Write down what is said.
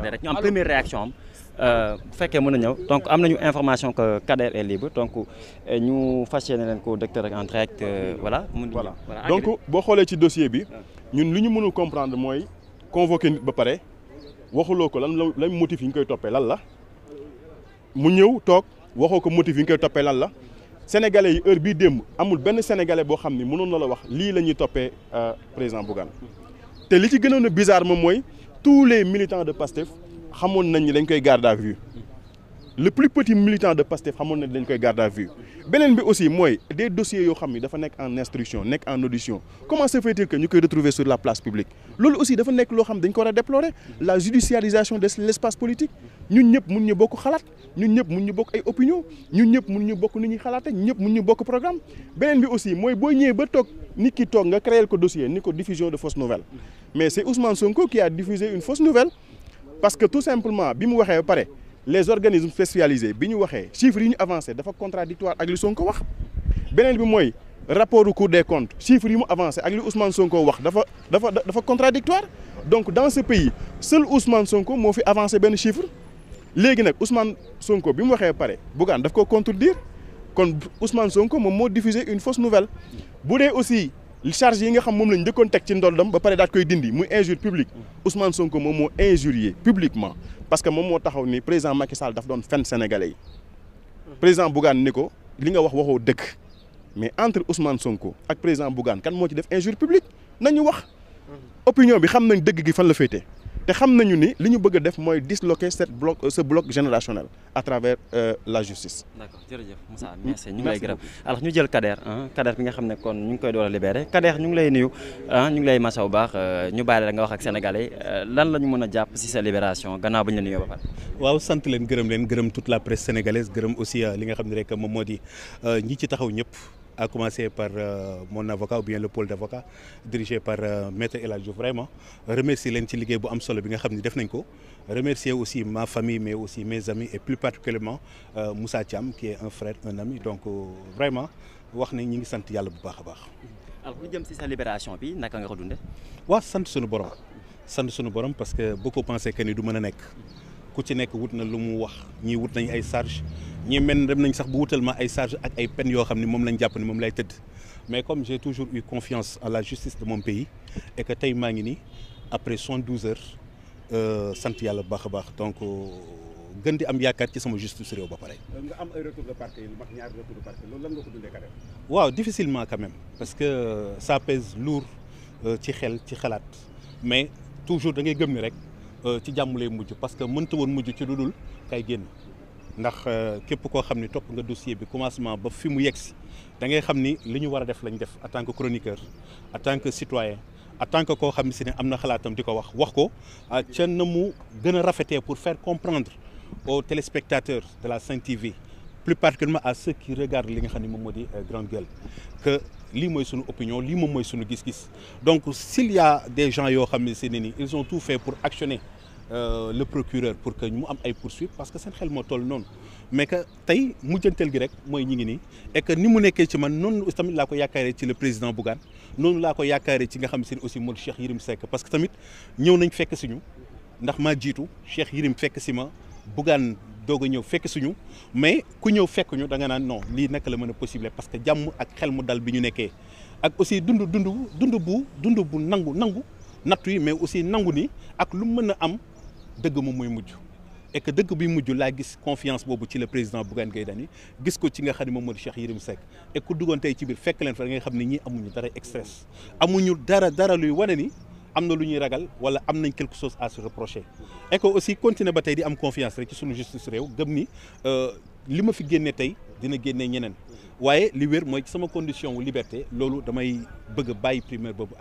rek ñu am première réaction am euh, bu fekkee mën na ñëw donc am nañu information que Kader est libre donc euh, ñu fas yéene leen ko docteur rek en direct euh, voilà. voilà donc boo xoolee ci dossier bi ñun lu ñu mënul comprendre mooy convoqué nit ba pare waxuloo ko lan la lan motif yi ñu koy toppee lan la mu ñëw toog waxoo ko motif yi ñu toppee lan la sénégalais yi heure bii démb amul benn sénégalais boo xam ni mënoon na la wax lii la ñuy toppee président Bougane te li ci gënoon a bizarre moom mooy. tous les militants de PASTEF xamoon nañ ni dañ koy garde à vue le plus petit militant de PASTEF xamoon nañ dañ koy garde à vue beneen bi aussi mooy des dossiers yoo xam ni dafa nekk en instruction nekk en audition comment se fait-il que ñu koy retrouver sur la place publique loolu aussi dafa nekk loo xam dañ ko war a déplorer la judiciarisation de l'espace politique ñun ñëpp mun ñu bokk xalaat ñun ñëpp mun ñu bokk ay opinion ñun ñëpp mun ñu bokk ni ñuy xalaate ñëpp mun ñu bokk programme beneen bi aussi mooy boo ñëwee ba toog ki toog nga créer ko dossier ko diffusion de fausses nouvelles mais c'est Ousmane Sonko qui a diffusé une fausse nouvelle parce que tout simplement bi mu waxee ba pare les organismes spécialisés bi ñu waxee chiffres yi ñu avancé dafa contradictoire ak li Sonko wax beneen bi mooy rapport du de des comptes yi mu avancé ak li Ousmane Sonko wax dafa dafa dafa contradictoire donc dans ce pays seul Ousmane Sonko moo fi avancé benn chiffre léegi nag Ousmane Sonko bi mu waxee pare Bougane daf ko contredire kon Ousmane Sonko moom moo diffusé une fausse nouvelle bu dee aussi charge yi nga xam moom lañ njëkkoon teg ci ndoddam ba pare daat koy dindi muy injure publique Ousmane Sonko moom moo injurier publiquement parce que moom moo taxaw ni président Macky Sall daf doon fen sénégalais yi président Bougane ni ko li nga wax waxoo dëkk mais entre Ousmane Sonko ak président Bougane kan moo ci def injure publique nañu wax opinion bi xam nañ dëgg gi fan la féete te xam nañu ni li ñu bëgg a def mooy disloquer cette bloc euh, ce bloc générationnel à travers euh, la justice. d'accord jërëjëf Moussa mm-hmm. merci ñu ngi lay gërëm alors ñu jël Kader Kader bi nga xam ne kon ñu ngi koy door a libéré Kader ñu ngi lay nuyu ñu ngi lay masaw baax euh, ñu bàyyi la nga wax ak sénégalais lan la ñu mën a jàpp si sa libération gannaaw ba ñu la nuyoo ba pare. waaw sant leen gërëm leen gërëm toute la presse sénégalaise gërëm aussi li nga xam ne rek moom moo di ñi ci taxaw ñëpp. à commencer par euh, mon avocat ou bien le pôle d'avocat dirigé par euh, maître El Hadj Diouf vraiment remercier leen ci liggéey bu am solo bi nga xam ni def nañ ko remercier aussi ma famille mais aussi mes amis et plus particulièrement euh, Moussa Thiam qui est un frère un ami donc euh, vraiment wax ne ñi ngi sant yàlla bu baax a baax. alors lu jëm si sa libération bi naka nga ko dundee. waaw sant sunu borom sant sunu borom parce que beaucoup pensaient que ni du mën a nekk. ku ci nekk wut na lu mu wax ñii wut nañ ay charge ñii men dem nañ sax bu wutal ma ay charge ak ay peines yoo xam ne moom lañ jàpp ne moom lay tëdd mais comme j'ai toujours eu confiance en la justice de mon pays et que tey maa ngi nii après 72 heures euh, sant yàlla bu baax a baax donc euh, gën di am yaakaar ci sama justice réew ba pare. nga am ay retour de parquet yu mag ñaari retour de parquet loolu lan nga waaw difficilement quand même parce que euh, ça pèse lourd ci xel ci xalaat mais toujours da ngay gëm rek. Euh, ci jàmm lay mujj parce que mënta woon mujj ci lu dul kay génn ndax euh, képp koo xam ni topp nga dossier bi commencement ba fi mu yegg si dangay xam ni li ñu war a def lañ def en tant que chroniqueur en tant que citoyen en tant que koo xam ne si ne am na xalaatam di ko wax wax ko ah, ca na mu gën a rafetee pour faire comprendre aux téléspectateurs de la Sen TV plus particulièrement à ceux qui regardent li nga xam ne moom moo di euh, grande gueule que lii mooy suñu opinion lii moom mooy suñu gis-gis donc s'il y a des gens yoo xam ne seeni ni ils ont tout fait pour actionner euh, le procureur pour que mu am ay poursuites parce que seen xel moo toll noonu mais que tey mujjanteel gi rek mooy ñi ngi nii et ni mu nekkee ci man noonu tamit laa ko yaakaaree ci le président Bougane noonu laa ko yaakaaree ci nga xam si seen aussi mooy Cheikh nañ fekk si ñu ndax maa jiitu Cheikh Yérim fekk si ma Bougane doog ñëw fekk suñu mais ku ñëw fekk ñu danga nga naan non lii naka la mën a possible parce que jàmm ak xel mu dal bi ñu nekkee ak aussi dund dund dund bu dund bu nangu nangu nattu yi mais aussi nangu ni ak lu mën a am dëgg moom mooy mujj et que dëgg bi mujj laa gis confiance boobu ci le président Bougane Gueye Dany gis ko ci nga xam ne moom mooy Cheikh Yérim Seck et ku duggoon tey ci biir fekk leen fa da ngay xam ne ñii amuñu dara stress amuñu dara dara luy wane ni. am na lu ñuy ragal wala am nañ quelque chose à se reprocher et que aussi continuer ba tey di am confiance rek ci suñu justice réew gëm ni euh, li ma fi génne tey dina génne ñeneen waaye li wér mooy ci sama condition wu liberté loolu damay bëgg a bàyyi primaire boobu